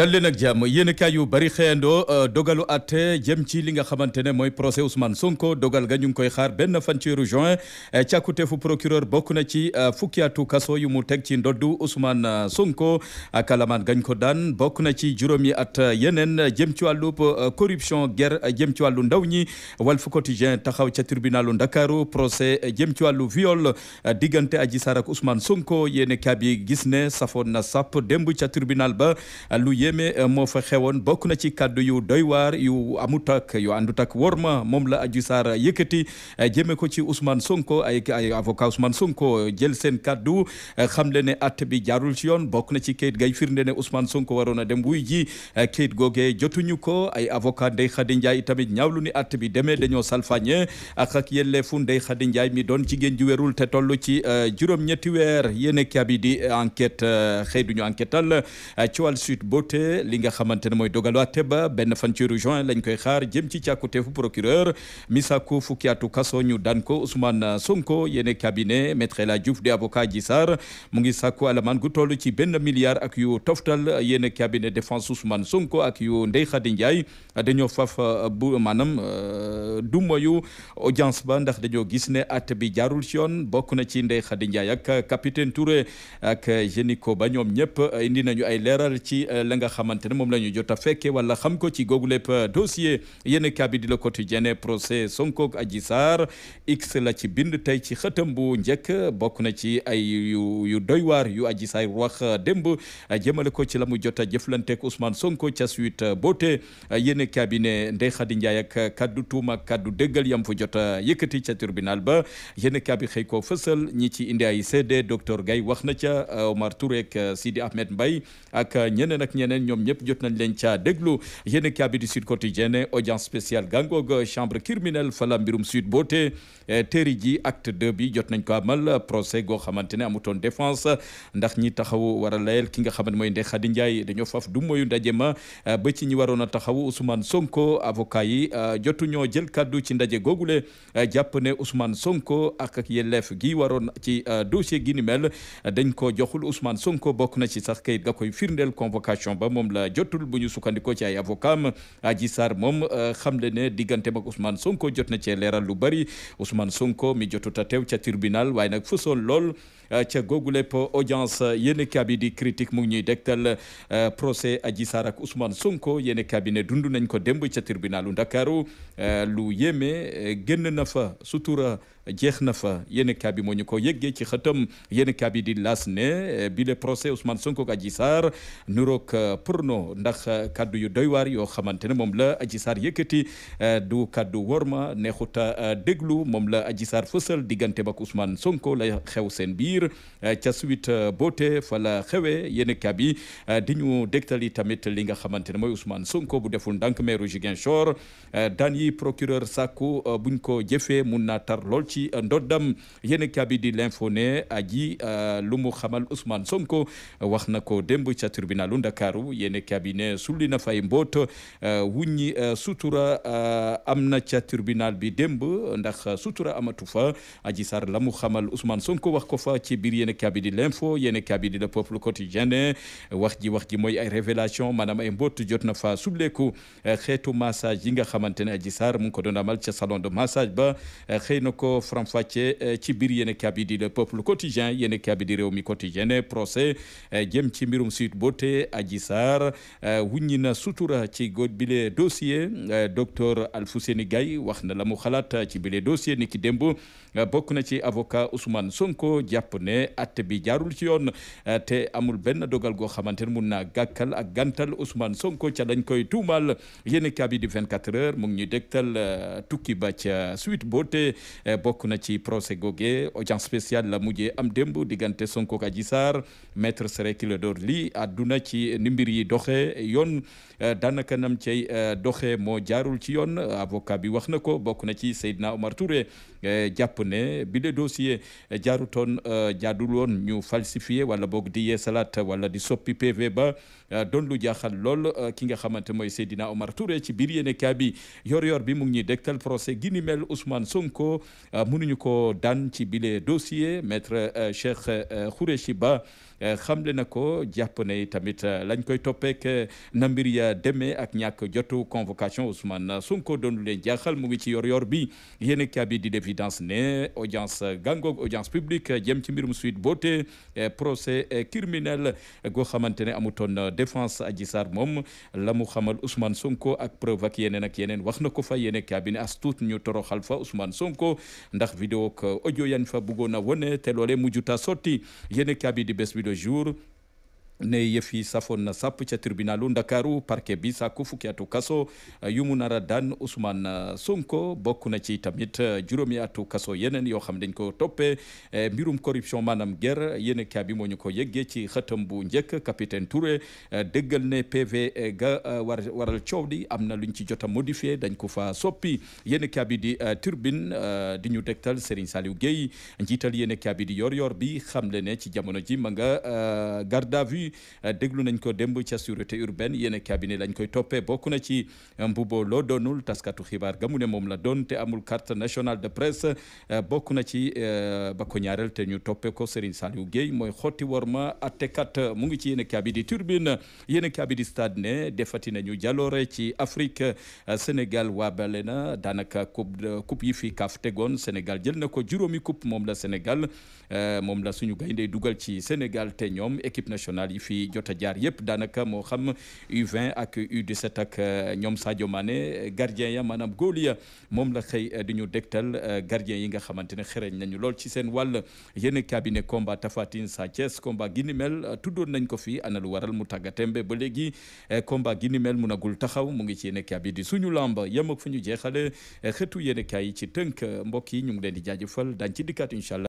dal leen ak jàmm yéen yu bari xëyandoo euh, dogalu atte jëm ci li nga xamante ne mooy procès Ousmane Sonko dogal ga ñu ngi koy xaar benn fan ci weeru juin euh, fu procureur bokk na ci euh, fukki atu kaso yu mu teg ci ndoddu Ousmane Sonko kalamaan gañ ko daan bokk na ci juróomi at yeneen jëm ci wàllu corruption guerre jëm ci wàllu ndaw ñi Walf Quotidien taxaw ca tribunalu Ndakaaru procès jëm ci wàllu viol diggante Adji Sarr ak Ousmane Sonko yéen kaay bi gis ne safoon na sap démb ca tribunal ba yéeme euh, moo fa xewoon bokk na ci kàddu yu doy waar yu amut ak yu àndut ak worma moom la aju Sarr yëkkati euh, jëme ko ci Ousmane Sonko ay ay avocat Ousmane Sonko euh, jël seen kàddu xam le ne at bi jaarul ci yoon bokk na ci kayit gay firnde ne Ousmane Sonko waroon a dem wuy ji kayit googe jotuñu ko ay avocat Ndeye Khady Ndiaye tamit ñaawlu ni at bi demee dañoo salfañe ak ak yelleefu Ndeye Khady Ndiaye mi doon jigéen ju werul te toll ci juróom-ñetti weer yéen a kii di enquête xëy duñu enquêtal ci li nga xamante ne mooy dogalu àtte ba benn fan ci juin lañ koy xaar jëm ci càkkuteefu procureur mi sàkku fukki atu kaso ñu daan ko Ousmane Sonko yéene cabinet maître El Hadji Diouf di avocat ji Sarr mu ngi sàkku alamaan gu toll ci benn milliard ak yu toftal yéene cabinet défense Ousmane Sonko ak yu Ndeye Khady Ndiaye dañoo faf bu maanaam euh, du moyu audience ba ndax dañoo gis ne àtte bi jaarul ci yoon bokk na ci Ndeye Khady Ndiaye ak capitaine Touré ak Génico ba ñoom ñëpp indi nañu ay leeral ci euh, la xamante ne moom la ñu jot a fekke wala xam ko ci googu lépp dossier yéen kabi di la quotidien procès Sonko ak Adji Sarr x la ci bind tey ci xëtam bu njëkk bokk na ci ay yu yu doy waar yu Adji wax démb jëmale ko ci la mu jot a jëflanteeg Ousmane Sonko ca suite boote yéen kabi ne Ndeye Khady ak kaddu tuuma ak kaddu dëggal yam fa jot a ca tribunal ba yéen kabi xëy ko fësal ñi ci indi ay CD docteur Gaye wax na ca Omar Touré ak Sidi Ahmed Mbaye ak ñeneen ak ñeneen ñoom ñëpp jot nañ leen caa déglu yéen a kaabi di Sud Quotidien audience spéciale gàngoog chambre criminelle fala mbirum Sud Beauté eh, teeri ji acte 2 bi jot nañ ko amal procès goo xamante ne amutoon défense ndax ñi taxaw wara a layel ki nga xamante mooy Ndeye Khady Ndiaye dañoo faf du moyu ndaje ma eh, ba ci ñi waroon a taxaw Ousmane Sonko avocat yi eh, jotu ñoo jël kaddu ci ndaje googule jàpp ne Ousmane Sonko ak ak yelleef gi waroon ci dossier gi ni mel dañ ko joxul Ousmane Sonko bokk na ci sax kayit ga koy firndeel convocation ba moom la jotul bu ñu sukkandikoo ci ay avocat am Adji Sarr moom euh, xamle ne diggante ak Ousmane Sonko jot na cee leeral lu bari Ousmane Sonko mi jotut a teew ca tribunal waaye nag fësoon lool euh, ca googu lépp audience euh, yéen kabi di critique mu ngi ñuy dégtal procès Adji Sarr ak Ousmane Sonko yéen cabinet dund nañ ko démb ca tribunalu Ndakaaru lu yéeme génn na fa sutura jeex na fa yéen kaa bi moo ñu ko yëggee ci xëtam yéen kaa bi di las ne bi le procès Ousmane Sonko ak Adji Sarr nuroog euh, porno ndax euh, kaddu yu doywaar yoo xamante ne moom la Adji Sarr yëkkati euh, du kaddu worma neexuta déglu moom la Adji Sarr fësal diggante bak Ousmane Sonko la xew seen biir ca suite boote fa la xewee kaa bi di ñu dégtali tamit li nga xamante ne mooy Ousmane Sonko bu deful ndànk meeru Ziguinchor daan yi procureur sàkku buñ ko jëfee mun naa tar lool ci ndoddam yéen kabi di l'info ne aji euh, lu mu xamal Ousmane Sonko wax na ko demb ca tribunalu Ndakaaru yéen kabi ne sulli na fa fay mboot euh, wuññi euh, sutura am na ca tribunal bi démb ndax sutura amatu fa aji sar la mu xamal Ousmane Sonko wax ko fa ci biir yéen kabi di l'info yéen kabi di le peuple quotidien wax ji wax ji mooy ay révélation maanaam ay mboot jot na fa subleeku xeetu massage yi nga xamante ne aji sar mu ko doon amal ca salon de massage ba xëy ko ko faram-fàccee eh, ci biir yéen a di le peuple quotidien yéen a di réew mi quotidien procès eh, jëm ci mbirum Sweet Beauté Adji Sarr eh, wuññi na sutura ci góor bile dossier docteur Alfousseni Gaye wax na la mu xalaat ci bile dossier ni ki démb bokk na ci avocat Ousmane Sonko jàpp ne atte bi jaarul ci yoon te amul benn dogal goo xamante ne mun naa gàkkal ak gantal Ousmane Sonko ca lañ koy tuumal yéen a di 24 heures mu ngi ñuy dégtal tukki ba ca Sweet bokk na ci procès goge audience spéciale la mujjee am démb diggante Sonko ak Adji Sarr maître Ciré Clédor Ly àdduna ci mbir yi doxee yoon euh, daanaka nam cey euh, doxee moo jaarul ci yoon avocat bi wax na ko bokk na ci Seydina Omar Touré euh, jàpp ne bi le dossier jaarutoon jaadul woon ñu falsifié wala boog di yeesalaat wala di soppi PV ba don lu jaaxal lool ki nga xamante mooy Seydina Omar Touré ci biir yéene kaa yor-yor bi mu ngi ñuy procès gi ni Sonko. Euh, mënuñu ko daan ci bile dossier maître euh, Cheikh euh, Khoureyssi Ba le na ko jàpp ne tamit lañ koy toppeek na mbir ya demee ak ñàkk jotu convocation Ousmane Sonko doon lu leen jaaxal mu ngi ci yor-yor bi yéen a bi di l'évidence ne audience gàngoog audience publique jëm ci mbir mbirum Sweet Beauté procès criminel goo xamante ne amutoon défense Adji Sarr moom la mu xamal Ousmane Sonko ak preuve ak yeneen ak yeneen wax na ko fa yéen a bi ne as tuut ñu toroxal fa Ousmane Sonko ndax vidéo ak ojo yan fa bëggoon a wone te loolee mujjuta sotti yéen a kaabi di bés bi jour ne yëf yi safoon na sàpp ca tribunalu Ndakaaru parquet bi sàkku fukki atu kaso eh, yu mu nar a daan Ousmane eh, Sonko bokk na ci tamit eh, juróomi atu kaso yeneen yoo xam dañ ko toppe mbirum corruption maanaam ger yéen a bi moo ñu ko yëggee ci xëtam bu njëkk capitaine Touré dëggal ne PV ga war waral coow di am na luñ ci jot a modifié dañ ko fa soppi yéen a bi di turbine di ñu dégtal Serigne Saliou Guèye njiital yéen a bi di yor-yor bi xam le ci jamono ji ma nga garde à vue bi euh, nañ ko démb ca sûreté urbaine yéen a cabinet lañ koy toppe bokk na ci euh, mbubo loo doonul taskatu xibaar ga mu ne moom la doon te amul carte national de presse euh, bokk na ci ba ko ñaareel te ñu toppee ko Serigne Saliou Gueye mooy xotti worma attekat mu ngi ci yéen a cabinet di turbine yéen a cabinet ne defati nañu jaloore ci Afrique Sénégal waabale na daanaka coupe yi fi kaaf tegoon Sénégal jël na ko juróomi coupe moom la Sénégal moom la suñu gaynde dugal ci Sénégal ñoom équipe nationale yi yu fi jot a jaar yëpp daanaka moo xam U20 ak U17 ak euh, ñoom Sadio maane gardien ya maanaam góol ya moom la xëy euh, di ñu dégtal euh, gardien yi nga xamante ne xereñ nañu lool ci seen walla yéen cabinet combat Tafatine Sa Thiès combat gi ni mel tuddoon nañ ko fi ana lu waral mu tàggatembe ba léegi combat gi ni mel munagul taxaw mu ngi ci yéen cabinet di suñu lamba yem ak fu ñu jeexale xëtu yéen kaay yi ci tënk mbokk yi ñu ngi leen di jaajëfal daañu ci dikkaat incha allah